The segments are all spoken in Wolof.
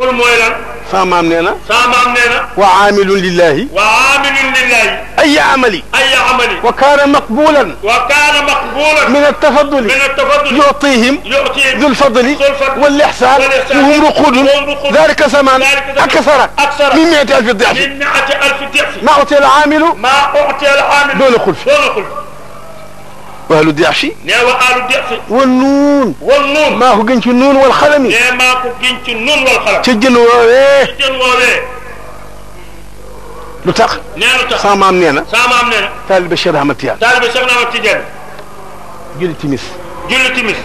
xul mooy lan. sama maam nee na. sama maam nee na. wa aamilun lillahi. wa aamilun lillahi. ayya amali. ayya amali. wa kaana maqbulan. wa kaana maqbulan. min at-tafadduli. min at-tafadduli. yu'tihim. yu'tihim. dul fadli. wal ihsan. wa hum ruqudun. dhalika zaman. aksara. aksara. min mi'ati alfi di'f. min mi'ati alfi di'f. ma u'tiya al-aamilu. ma u'tiya al-aamilu. duna khulf. duna khulf. waalu deexi. nee wa aalu deexi. wal nuun. wal nuun. maa ko gën ci nuun wal xalami. nee maa ko gën ci nuun wal xalami. ca jën woowee. ca jën woowee. lu tax. nee lu tax sama maam nee na. sama maam nee na. taalibe Cheikh Ahmad Tidiane. taalibe Cheikh Ahmad Tidiane. julli timis. julli timis.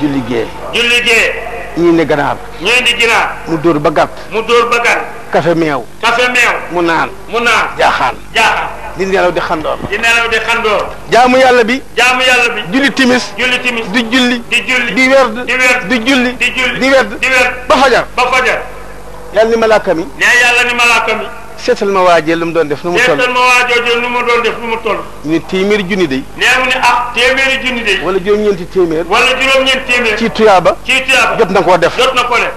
julli gee. julli gee. ñii ne ganaar. ñii di ginaar. mu dóor ba gàtt. mu dóor ba gàtt. kafe meew. kafe meew. mu naan. mu naan jaaxaan. jaaxaan. di nelaw di xandoor. di nelaw di xandoor. jaamu yàlla bi. jaamu yàlla bi. julli timis. julli timis di julli. di julli di werd. di werd di julli. di julli di werd. di werd ba fajar. ba fajar. yàlla ni malaaka mi. nee yàlla ma malaaka mi. seetal ma waajee mu doon def nu mu toll. seetal ma waajee lu mu doon def nu mu toll. ñu ne téeméeri junni day. nee mu ne ah téeméeri junni day. wala juróom-ñeenti téeméer. wala juróom-ñeenti téeméer. ci tuyaaba. ci tuyaaba jot na koo def. jot na koo def.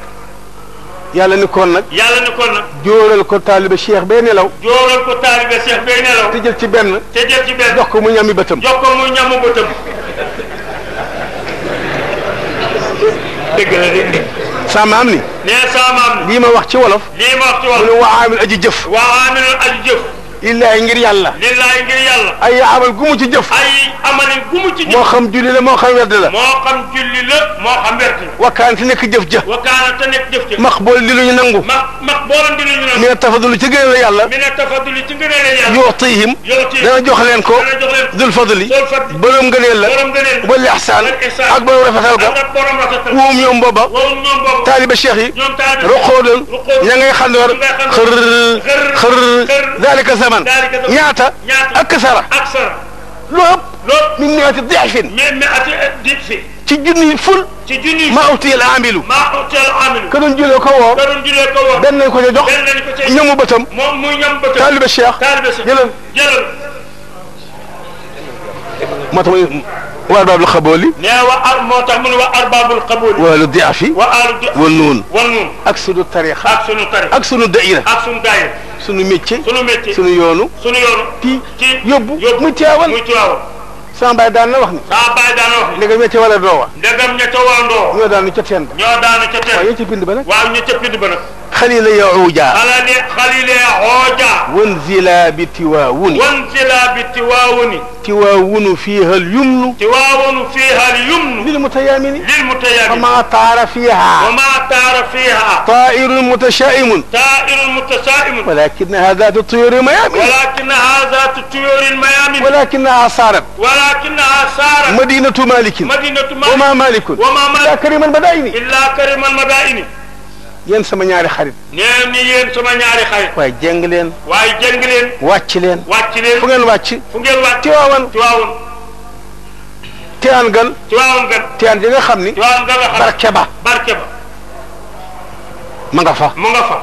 yàlla ni kon nag. yàlla ni kon nag. jóoral ko taalibe cheikh bee nelaw. jóoral ko taalibe cheikh bee nelaw. te jël ci benn. te jël ci benn jox ko mu ñami bëtam. jox ko mu ñamu bëtam. dëgg la dëgg. saamaam ni. nee saamaam ni. lii ma wax ci wolof. lii ma wax ci wolof. mu ne waa amil aji jëf. waa amil aji jëf. lillaay ngir yàlla. lillaay ngir yàlla. ay amal gu mu ci jëf. ay amalin gu mu ci jëf. moo xam julli la moo xam werd la. moo xam julli la moo xam werd la. wakkaan te nekk jëf ja. wakkaan te nekk jëf ja. max bool di lu ñu nangu. max max boolam di lu ñu nangu. mi ne tafadulu ci gënal yàlla. mi ne tafadulu ci gënal yàlla. yootihim. yootihim dana jox leen ko. dana jox dul fadli borom ngëneel la wala ihsaan ak borom rafetal ga woom ñoom booba taaliba cheikh yi roqoodoon ña ngay xandoor xër xër dalika zaman ñaata ak sara lu ëpp min miati eh, dixfin ci junni ful ci junni maa utiyal amilu maa utiyal amilu ka doon jëlee ko woo ka doon jëlee ko woo benn nañ ko ca jox ñamu bëtam moom muy ñam bëtam taaliba cheikh jëlal moo tax muy wa arbaabul xabooli. nee wa ar moo tax mu ne wa arbaabul xabooli. wa alu diafi. wa alu diafi wa nuun. wa nuun ak sunu tariixa. ak sunu tariixa ak sunu daayira. ak sunu daayira. sunu métier. sunu métier sunu yoonu. sunu yoonu. kii kii yóbbu muy teewal muy teewal. Sama baay daan na wax ni. Sama baay daan na wax ni. ndegam ña ca wala doowa. ndegam ña ca wala doowa. ñoo daanu ca teen ba. ñoo daanu ca teen ba. waaw ña ca pind ba nag. waaw ña ca pind ba nag. خليل يعوجا خليل يعوجا وانزلا بتواون وانزلا بتواون تواون فيها اليمن تواون فيها اليمن للمتيامن للمتيامن وما طار فيها وما طار فيها طائر متشائم طائر متشائم ولكن هذا تطير الميامن ولكن هذا تطير الميامن ولكنها صارت ولكنها صارت مدينة مالك مدينة مالك وما مالك وما مالك إلا كريم المدائن إلا كريم المدائن yéen sama ñaari xarit. nee ni yéen sama ñaari xarit. waaye jeng leen. waaye jeng leen. wàcc leen. wàcc leen fu ngeen wàcc. fu ngeen wàcc Tiwaawan. Tiwaawan. Tiwaan gan. Tiwaawan gan. Tiwaan ji nga xam ni. Tiwaawan gan nga xam barke ba. barke ba. ma nga fa. ma nga fa.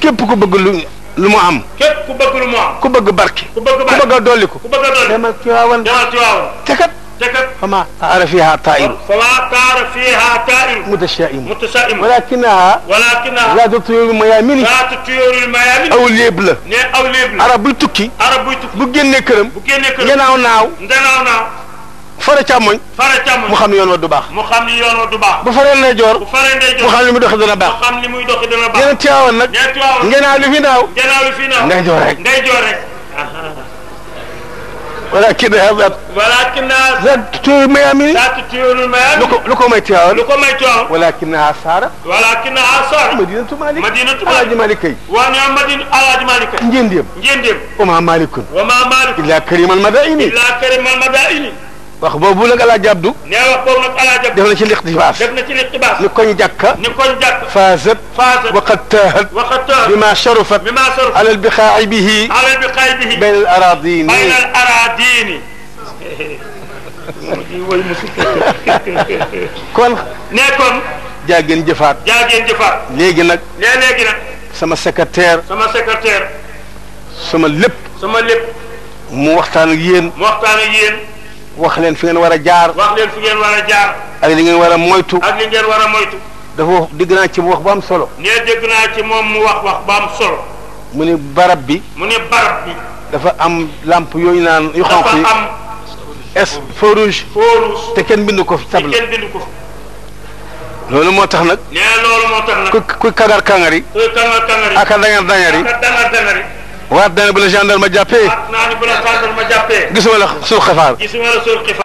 képp ku bëgg lu. lu mu am. képp ku bëgg lu mu am. ku bëgg barke. ku bëgg barke ku bëgg a dolliku. ku bëgg a dolliku demal Tiwaawan. demal Tiwaawan te kat. te kat. fama taara fiiha taa'iru. fama taara fiiha taa'iru. mutashaa'imu mutashaa'imu. walaakinaha. walaakinaha. laa tatuyurul mayaamini. laa tatuyurul mayaamini. aw léeb la. ne aw léeb la. arab buy tukki. arab buy tukki. bu génnee këram. bu génnee këram ngenaaw naaw. ngenaaw naaw. fara càmmoñ. fara càmmoñ mu xam ne yoon wa du baax. mu xam ne yoon wa du baax. bu faree ndey joor. bu faree ndey joor mu xam ne muy doxi dana baax. mu xam ne muy doxi dana baax. ngeen teewoon nag. ngeen teewoon ngenaaw li fi naaw. ngenaaw li fi naaw. ndey joor rek. ndey joor rek. walakin hadat walakin zat tuyul mayami zat tuyul mayami lu ko may tiwaawan lu ko may tiwaawan walakin asara walakin asara madinatu malik madinatu malik alaaji malik kay wa ni amadin alaaji malik kay njendem njendem wa ma malikun wa ma malik illa karimal madaini illa karimal madaini wax boobu nag alaa jabdu ne wax boobu nag alaa jabdu def na ci lixtibaas def na ci lixtibaas ni koñ jàkka ni koñ jàkka faasat faasat waqad taahat waqad taahat bima sharafat bima sharafat ala albiqaa'i bihi ala albiqaa'i bihi bayna al aradini bayna al diini kon ne kon jaageen jëfaat jaageen jëfaat léegi nag ne léegi nag sama secrétaire sama secrétaire sama lépp sama lépp mu waxtaan ak yéen mu waxtaan ak yéen wax leen fi ngeen war a jaar wax leen fi ngeen war a jaar ak li ngeen war a moytu ak li ngeen war a moytu dafa wax dégg naa ci mu wax ba am solo ne dégg naa ci moom mu wax wax ba am solo mu ne barab bi mu ne barab bi dafa am lamp yooyu naan yu xonq yi dafa am. es feu rouge. feu rouge te kenn bind ko fi tableau te kenn bind ko fi. loolu moo tax nag. nee na loolu moo tax nag. ku ku kangar kangar yi. kuy kangar kangar yi ak a dangar dangar yi. ak a dangar dangar yi. waat naa ne bu la gendarme jàppee. waat naa ne bu la gendarme jàppee. gisuma la suul xifaar. gisuma la suul xifaar.